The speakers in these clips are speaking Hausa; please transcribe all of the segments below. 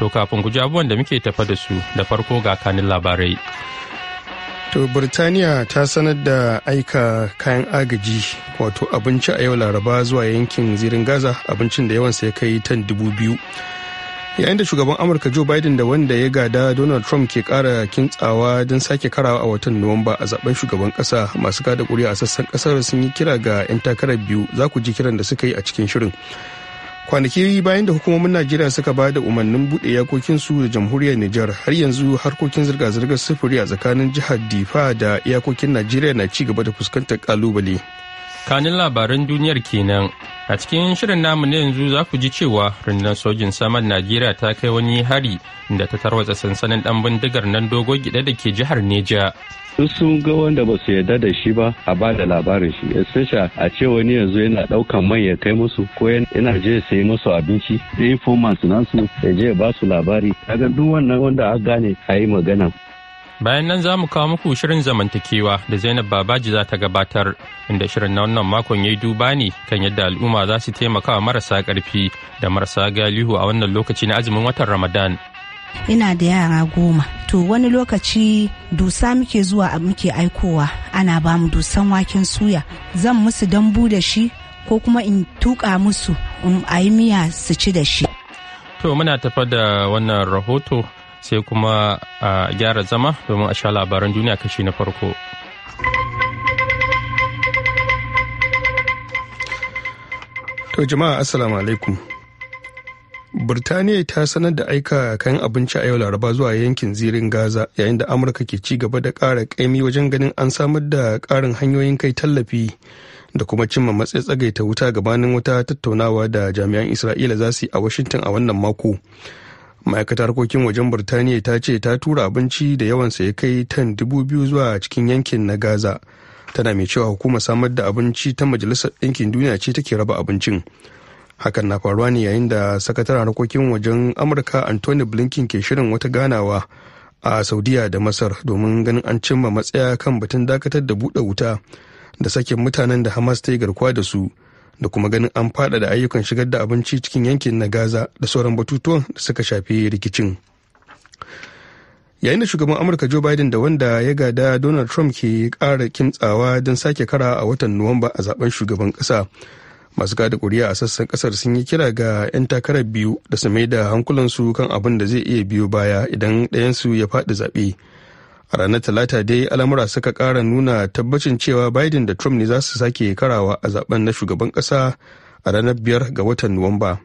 To kafin ku ji abubuwan da muke tafa da su da farko ga kanin labarai. To Birtaniya ta sanar da aika kayan agaji wato abinci a yau laraba zuwa yankin zirin Gaza abincin da yawansa ya kai tan dubu biyu. Yayin da shugaban Amurka Joe Biden da wanda ya gada Donald Trump ke kara kintsawa don sake karawa a watan Nuwamba a zaben shugaban kasa masu kada kuri'a a sassan kasar sun yi kira ga 'yan takarar biyu za ku ji kiran da suka yi a cikin shirin. kwanaki bayan da hukumomin najeriya suka ba da umarnin buɗe iyakokinsu da jamhuriyar nijar har yanzu harkokin zirga-zirgar sufuri a tsakanin jihar difa da iyakokin najeriya na ci gaba da fuskantar kalubale kanin labaran duniyar kenan a cikin shirin namu na yanzu za ku ji cewa rundunar sojin saman najeriya ta kai wani hari da ta tarwatsa sansanin dan bindigar nan dogo gida da ke jihar neja duk sun ga wanda ba su yarda da shi ba a ba da labarin shi especially a ce wani yanzu yana daukan mai ya kai musu ko yana je ya sayi musu abinci da informants nasu ya je ba su labari kaga duk wannan wanda aka gane a yi magana Bayan nan za mu kawo muku shirin zamantakewa da Zainab Babaji za ta gabatar, inda shirin na wannan makon ya yi duba ne kan yadda al'umma za su taimaka wa marasa ƙarfi da marasa galihu a wannan lokaci na azumin watan Ramadan. Ina da yara goma, to wani lokaci dusa muke zuwa muke aikowa ana ba mu dusan waken suya, zan musu dambu da shi ko kuma in tuƙa musu in a miya su ci da shi. To muna tafa da wannan rahoto sai kuma a gyara zama domin a sha labaran duniya kashi na farko. To jama'a assalamu alaikum. Birtaniya ta sanar da aika kayan abinci a yau laraba zuwa yankin zirin Gaza yayin da Amurka ke ci gaba da ƙara ƙaimi wajen ganin an samar da ƙarin hanyoyin kai tallafi da kuma cimma matsayi tsagaita wuta gabanin wata tattaunawa da jami'an Isra'ila za su yi a Washington a wannan mako. ma'aikatar harkokin wajen burtaniya ta ce ta tura abinci da yawan sa ya kai tan dubu biyu zuwa cikin yankin na gaza tana mai cewa hukumar samar da abinci ta majalisar ɗinkin duniya ce take raba abincin hakan na faruwa ne yayin da sakataren harkokin wajen amurka anthony blinken ke shirin wata ganawa a saudiya da masar domin ganin an cimma matsaya kan batun dakatar da buɗe wuta da sakin mutanen da hamas ta yi garkuwa da su da kuma ganin an faɗaɗa ayyukan shigar da abinci cikin yankin na gaza da sauran batutuwan da suka shafi rikicin yayin da shugaban amurka joe biden da wanda ya gada donald trump ke ƙara kimtsawa don sake kara a watan nuwamba a zaben shugaban ƙasa masu gada kuri'a a sassan kasar sun yi kira ga 'yan takarar biyu da su mai da hankulansu kan abin da zai iya biyo baya idan ɗayansu ya faɗi zaɓe a ranar talata dai al'amura suka kara nuna tabbacin cewa biden da trump ne za su sake karawa a zaben na shugaban kasa a ranar biyar ga watan nuwamba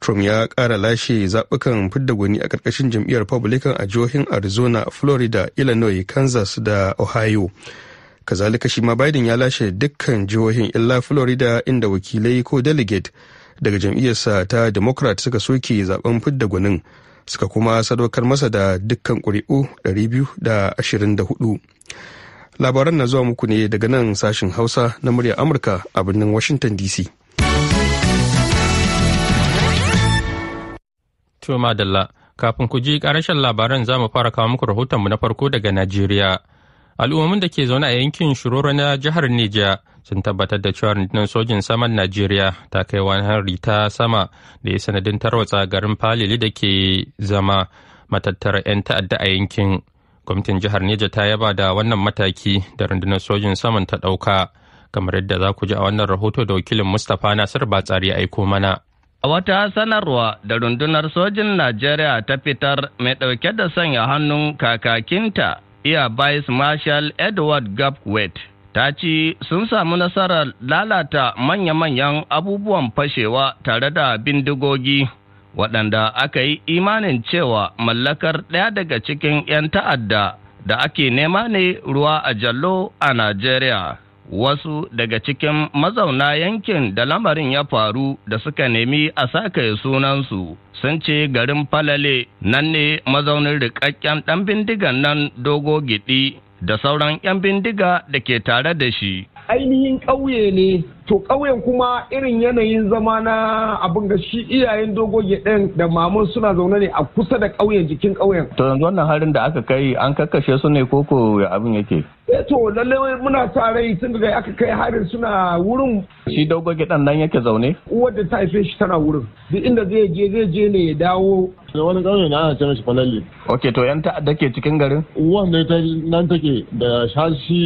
trump ya kara lashe zaɓukan fidda gwani a ƙarƙashin jam'iyyar republican a jihohin arizona florida illinois kansas da ohio kazalika shi ma biden ya lashe dukkan jihohin illa florida inda wakilai ko delegate daga jam'iyyarsa ta democrat suka soke zaben fidda gwanin suka kuma sadaukar masa da dukkan ƙuri'u 224 labaran na zuwa muku ne daga nan sashen hausa na murya amurka a birnin washington dc kafin ku ji karashen labaran za mu fara kawo muku rahotonmu na farko daga Najeriya. al'ummomin da ke zaune a yankin shiroro na jihar Nija sun tabbatar da cewa rundunar sojin saman Najeriya ta kai wani hari ta sama da ya sanadin tarwatsa garin Falili da ke zama matattara 'yan ta'adda a yankin. Gwamnatin jihar Nija ta yaba da wannan mataki da rundunar sojin saman ta ɗauka. Kamar yadda za ku ji a wannan rahoto da wakilin Mustapha Nasir Batsari aiko mana. A wata sanarwa da rundunar sojin Najeriya ta fitar mai ɗauke da sanya hannun kakakinta Air Vice Marshal Edward Gapwet ta ce sun samu nasarar lalata manya-manyan abubuwan fashewa tare da bindigogi waɗanda aka yi imanin cewa mallakar ɗaya daga cikin 'yan ta'adda da ake nema ne ruwa a jallo a Najeriya. wasu daga cikin mazauna yankin da lamarin ya faru da suka nemi a sakaye sunansu sun ce garin falale nan ne mazaunin rikakken ɗan bindigan nan dogo gidi da sauran 'yan bindiga da ke tare da shi ainihin ƙauye ne to ƙauyen kuma irin yanayin zama na abin ga shi iyayen dogoge gidan da mamun suna zaune ne a kusa da ƙauyen jikin ƙauyen to yanzu wannan harin da aka kai an kakkashe su ne koko abin yake Eh, to lalle muna tare tun da aka kai harin suna wurin shi dogo gidan nan yake zaune uwar da ta haife shi tana wurin duk inda zai je zai je ne ya dawo da wani ƙauye na ana ce mishi falalle ok to yan ta'adda ke cikin garin uwan ne ta nan take da shashi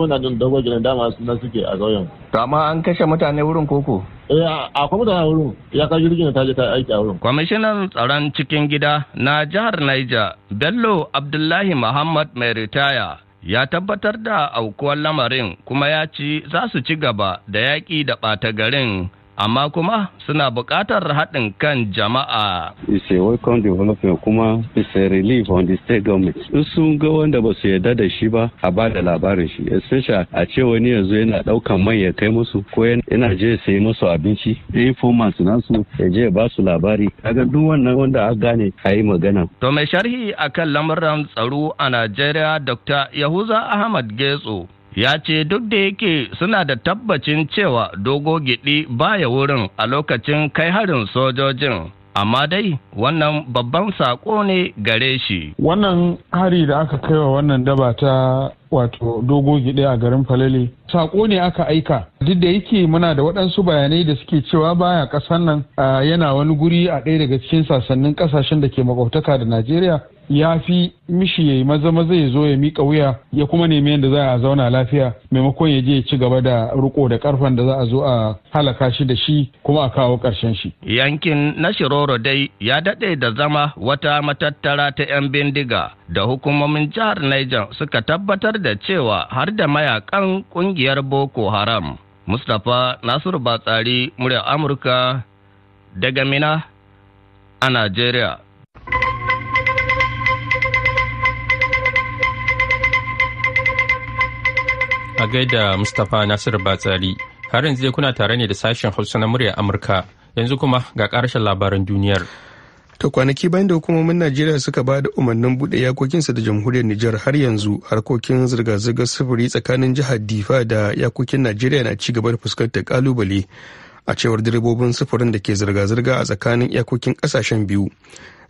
wannan dogo gidan dama nan suke a ƙauyen to amma an kashe mutane wurin koko eh, a da wurin ya ka jirgin ta je ta aiki a wurin. Kwamishinan tsaron cikin gida na jihar Niger, Bello Abdullahi Muhammad mai ritaya ya tabbatar da aukuwar lamarin kuma ya ci za su ci gaba da yaƙi da ɓata garin amma kuma suna buƙatar haɗin kan jama'a. It's a welcome development kuma it's a relief on the state government. In sun ga wanda ba su yarda da shi ba a ba da labarin shi. Especially a ce wani yanzu yana ɗaukan mai ya kai musu ko yana je sai musu abinci. Informants nasu ya je ba su labari. Kaga duk wannan wanda aka gane a yi magana. To mai sharhi akan lamuran tsaro a Najeriya Dr. Yahuza Ahmad Getso ya ce duk da yake suna da tabbacin cewa dogo gidi baya wurin a lokacin kai harin sojojin amma dai wannan babban saƙo ne gare shi wannan hari da aka kai wa wannan daba ta wato dogo gidi a garin falele saƙo ne aka aika duk da yake muna da waɗansu bayanai da suke cewa baya ƙasar nan yana wani guri a ɗaya daga cikin sassanin ƙasashen da ke makwabtaka da najeriya ya fi mishi ya yi maza maza ya zo ya miƙa wuya ya kuma nemi yadda za a zauna lafiya maimakon ya je ya ci gaba da riko da karfan da za a zo a halaka shi da shi kuma a kawo ƙarshen shi. Yankin na Shiroro dai ya daɗe da zama wata matattara ta 'yan bindiga da hukumomin jihar Niger suka tabbatar da cewa har da mayakan ƙungiyar Boko Haram. Mustapha Nasiru Batsari, murya Amurka daga Mina a Najeriya. A gaida Mustapha Nasiru Batsari, har yanzu dai kuna tare ne da sashen Hausa na murya Amurka, yanzu kuma ga ƙarshen labaran duniyar. ta kwanaki bayan da hukumomin najeriya suka ba da umarnin buɗe yakokinsa da jamhuriyar nijar har yanzu harkokin zirga-zirgar sufuri tsakanin jihar difa da yakokin najeriya na ci gaba da fuskantar kalubale a cewar direbobin sufurin da ke zirga-zirga a tsakanin yakokin kasashen biyu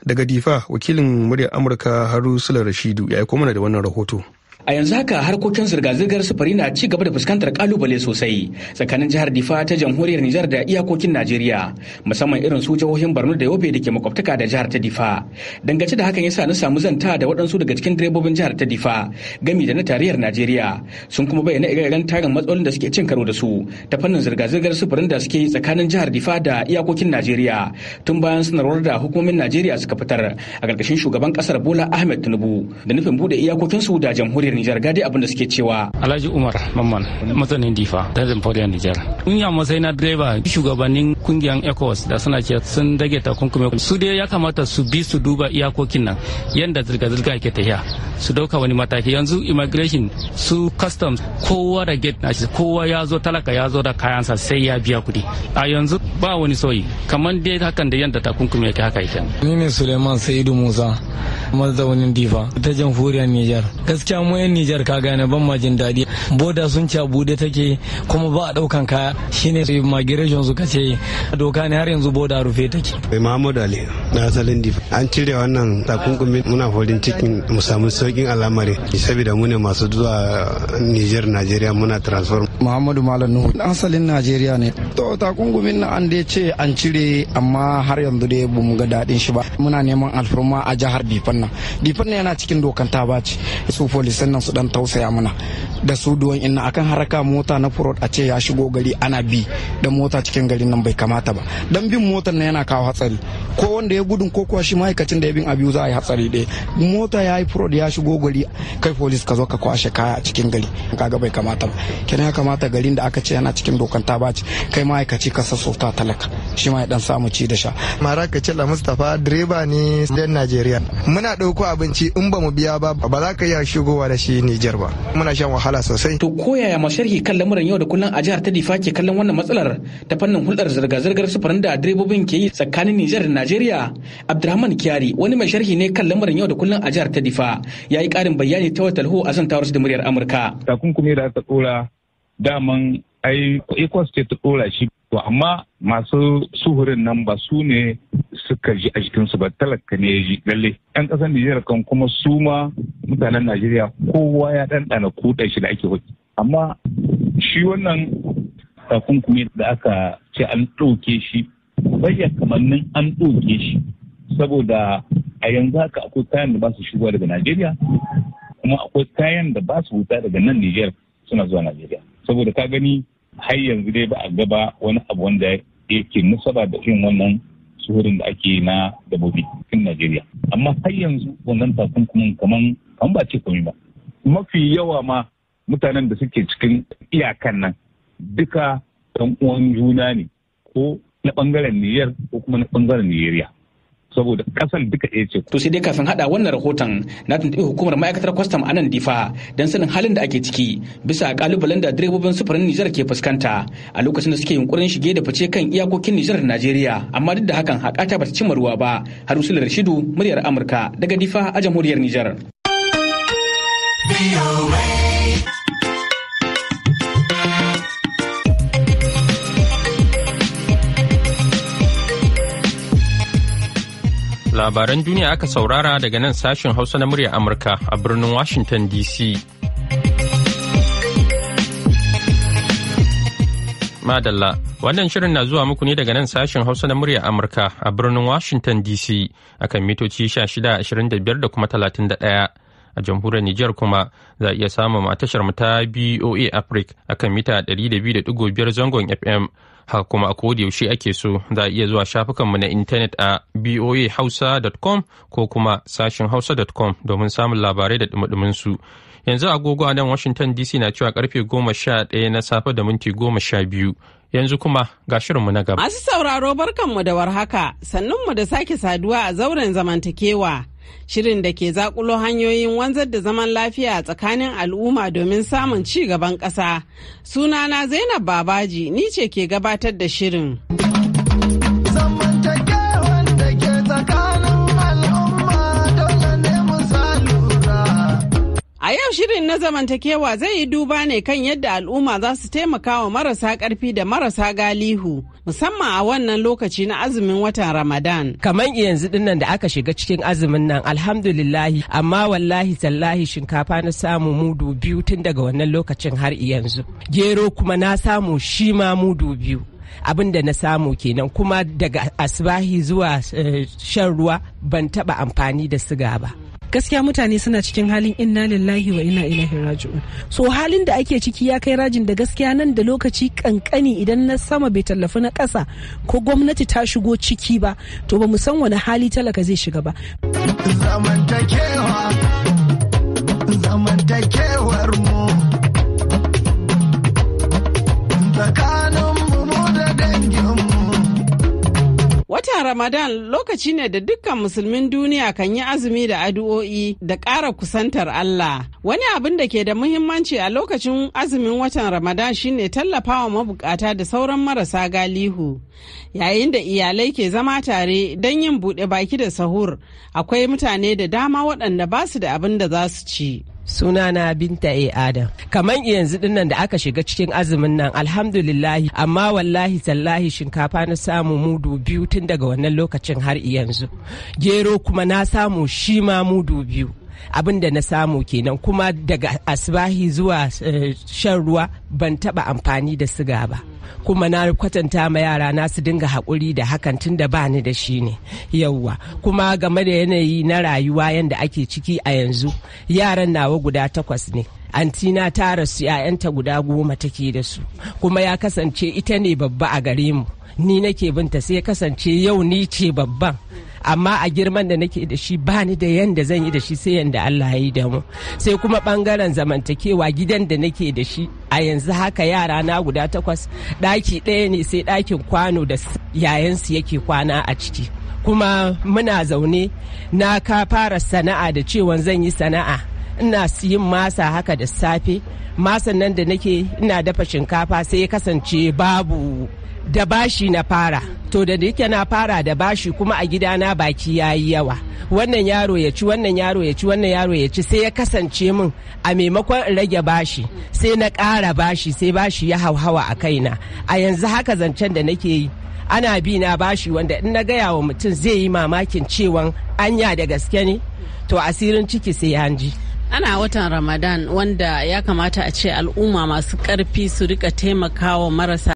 daga difa wakilin muryar amurka haru sula rashidu ya yi mana da wannan rahoto a yanzu haka harkokin zirga-zirgar sufuri na ci gaba da fuskantar kalubale sosai tsakanin jihar difa ta jamhuriyar nijar da iyakokin najeriya musamman irin su jihohin Barno da yobe da ke makwabtaka da jihar ta difa dangace da hakan yasa na samu zanta da waɗansu daga cikin direbobin jihar ta difa gami da na tarayyar najeriya sun kuma bayyana ire tarin matsalolin da suke cin karo da su ta fannin zirga-zirgar sufurin da suke tsakanin jihar difa da iyakokin najeriya tun bayan sanarwar da hukumomin najeriya suka fitar a ƙarƙashin shugaban ƙasar bola ahmed tinubu da nufin buɗe iyakokinsu da jamhuriyar jamhuriyar Nijar gadi abin da suke cewa. Alhaji Umar Mamman matsanin difa ta jamhuriyar Nijar. In ya matsayi na direba shugabannin kungiyar ECOWAS da suna ce sun dage ta kunkume. su dai ya kamata su bi su duba iyakokin nan yadda zirga-zirga ke tafiya su dauka wani mataki yanzu immigration su customs kowa da gate na shi kowa ya zo talaka ya zo da kayansa sai ya biya kudi. a yanzu ba wani soyi kamar dai hakan da yadda kunkume yake haka yake. Ni ne Suleiman Sa'idu Musa mazaunin difa ta jamhuriyar Nijar gaskiya mu yan Nijar ka gane ban ma jin daɗi boda sun ci bude take kuma ba a ɗaukan kaya shine migration suka ce doka ne har yanzu boda rufe take Mahmud Ali na asalin difa an cire wannan takunkumi muna farin cikin mu samu saukin al'amari saboda mu ne masu zuwa Niger Nigeria muna transfer Muhammadu Malam Nuhu asalin Najeriya ne to takunkumin na an dai ce an cire amma har yanzu dai ba mu ga daɗin shi ba muna neman alfarma a jihar Bifan nan Bifan nan yana cikin dokan ta ci su polisan nan su dan tausaya mana da su duwan inna akan haraka mota na furod a ce ya shigo gari ana bi da mota cikin garin nan bai kamata ba dan bin motar nan yana kawo hatsari ko wanda ya gudun ko kuwa shi ma'aikacin da ya bin abu za a yi hatsari ɗaya mota ya yi furod ya shigo gari kai polis ka zo ka kwashe kaya a cikin gari kaga bai kamata ba kenan ya kamata garin da aka ce yana cikin dokan ta baci kai ma'aikaci ka sassauta talaka shi ma ya dan samu ci da sha mara ka ce la mustapha direba ne dan najeriya muna ɗauko abinci in ba mu biya ba ba za ka iya shigowa da shi nijar ba muna shan wahala sosai to koyaya masharhi kan lamuran yau da kullum a jihar ta difa ke kallon wannan matsalar ta fannin hulɗar zirga-zirgar sufurin da direbobin ke yi tsakanin nijar da najeriya abdulrahman Usman Kyari wani mai sharhi ne kan lamarin yau da kullum a jihar ta Difa ya yi karin bayani ta wata lahu a zantawar da muryar Amurka. Takunkumi da aka tsora daman ai Eco State ta tsora shi to amma masu suhurin nan ba su ne suka ji a jikinsu ba talaka ne ya ji lalle. Yan kasar Nijar kan kuma su ma mutanen Najeriya kowa ya ɗanɗana kuɗa shi da ake hoki. Amma shi wannan takunkumi da aka ce an ɗauke shi bayya kamannin an ɗauke shi saboda a yanzu haka akwai kayan da ba su shigo daga Najeriya kuma akwai kayan da ba su wuta daga nan Nijar suna zuwa Najeriya saboda ka gani har yanzu dai ba a gaba wani abu wanda yake nasaba da irin wannan suhurin da ake na dabobi cikin Najeriya amma har yanzu wannan takunkumin kaman an ba ce komai ba mafi yawa ma mutanen da suke cikin iyakan nan duka ɗan uwan juna ne ko na ɓangaren Nijar ko kuma na ɓangaren Nijeriya. saboda kasan duka ya ce. To sai dai kafin haɗa wannan rahoton na tuntuɓi hukumar ma'aikatar kwastam a nan difa don sanin halin da ake ciki bisa kalubalen da direbobin sufurin Nijar ke fuskanta a lokacin da suke yunkurin shige da fice kan iyakokin Nijar da Najeriya amma duk da hakan haƙata bata cimma ruwa ba har da Rashidu muryar Amurka daga difa a jamhuriyar Nijar. Labaran duniya aka saurara daga nan sashen Hausa na murya Amurka a birnin Washington DC. Madalla, wannan shirin na zuwa muku ne daga nan sashen Hausa na murya Amurka a birnin Washington DC akan mitoci 1625 da kuma 31. A jamhuriyar Nijar kuma za a iya samun tashar mu ta BOA Africa akan mita 200.5 zangon FM. haka kuma a yaushe ake so za a iya zuwa shafukanmu na intanet a boahausa.com ko kuma sashin hausa.com domin samun labarai da dumudumin su yanzu agogo a nan washington dc na cewa karfe goma sha ɗaya na safe da minti goma sha biyu yanzu kuma ga shirinmu na gaba masu sauraro barkanmu da warhaka sannunmu da sake saduwa a zauren zamantakewa shirin da ke zakulo hanyoyin wanzar da zaman lafiya a tsakanin al'umma domin samun ci gaban ƙasa. Sunana Zainab Babaji ni ce ke gabatar da shirin. A yau shirin na zamantakewa zai yi duba ne kan yadda al'umma za su taimaka wa marasa ƙarfi da marasa galihu musamman a wannan lokaci na azumin watan Ramadan. Kamar yanzu dinnan da aka shiga cikin azumin nan alhamdulillahi amma wallahi tallahi shinkafa na samu mudu biyu tun daga wannan lokacin har yanzu. Gero kuma na samu shi ma mudu biyu. abin da na samu kenan kuma daga asibahi zuwa eh, shan ruwa ban taba amfani da siga ba. gaskiya mutane suna cikin halin inna lillahi wa inna ilaihi raji'un so halin da ake ciki ya kai rajin da gaskiya nan da lokaci kankani idan na sama bai tallafi na kasa ko gwamnati ta shigo ciki ba to ba mu san wani hali talaka zai shiga ba zamantakewa zamantakewa Watan Ramadan lokaci ne da dukkan musulmin duniya kan yi azumi da addu'o'i da ƙara kusantar Allah. Wani abin da ke da muhimmanci a lokacin azumin watan Ramadan shine tallafawa mabukata da sauran marasa galihu. Yayin da iyalai ke zama tare don yin buɗe baki da sahur, akwai mutane da dama waɗanda ba su da abin da za su ci. sunana binta e adam kaman yanzu dinnan da aka shiga cikin azumin nan alhamdulillahi amma wallahi tallahi shinkafa na samu mudu biyu tun daga wannan lokacin har yanzu gero kuma na samu shi ma mudu biyu abin da na samu kenan kuma daga asibahi zuwa eh, shan ruwa ban taba amfani da siga ba kuma na kwatanta ma yara na su dinga haƙuri da hakan tun da ba ni da shi ne yauwa kuma game da yanayi na rayuwa yadda ake ciki a yanzu yaran nawa guda takwas ne antina ta rasu 'ya'yanta guda goma take da su kuma ya kasance ita ne babba a gare mu ni nake binta sai kasance yau ni ce babban amma a girman da nake da shi ba ni da yanda zan yi da shi sai yanda Allah ya yi da mu sai kuma bangaren zamantakewa gidan da nake da shi a yanzu haka yara na guda takwas ɗaki ɗaya ne sai ɗakin kwano da yayansu yake kwana a ciki kuma muna zaune na ka fara sana'a da cewan zan yi sana'a ina siyin masa haka da safe masan nan da nake ina dafa shinkafa sai kasance babu da bashi na fara to da yake na fara da bashi kuma a gidana baki ya yi yawa wannan yaro ya ci wannan yaro ya ci wannan yaro ya ci sai ya kasance min a maimakon in rage bashi sai na kara bashi sai bashi ya hauhawa a kaina a yanzu haka zancen da nake yi ana bi na bashi wanda in na gaya wa mutum zai yi mamakin cewan anya da gaske ne to asirin ciki sai hanji. ana watan ramadan wanda ya kamata a ce al'umma masu karfi su rika taimakawa marasa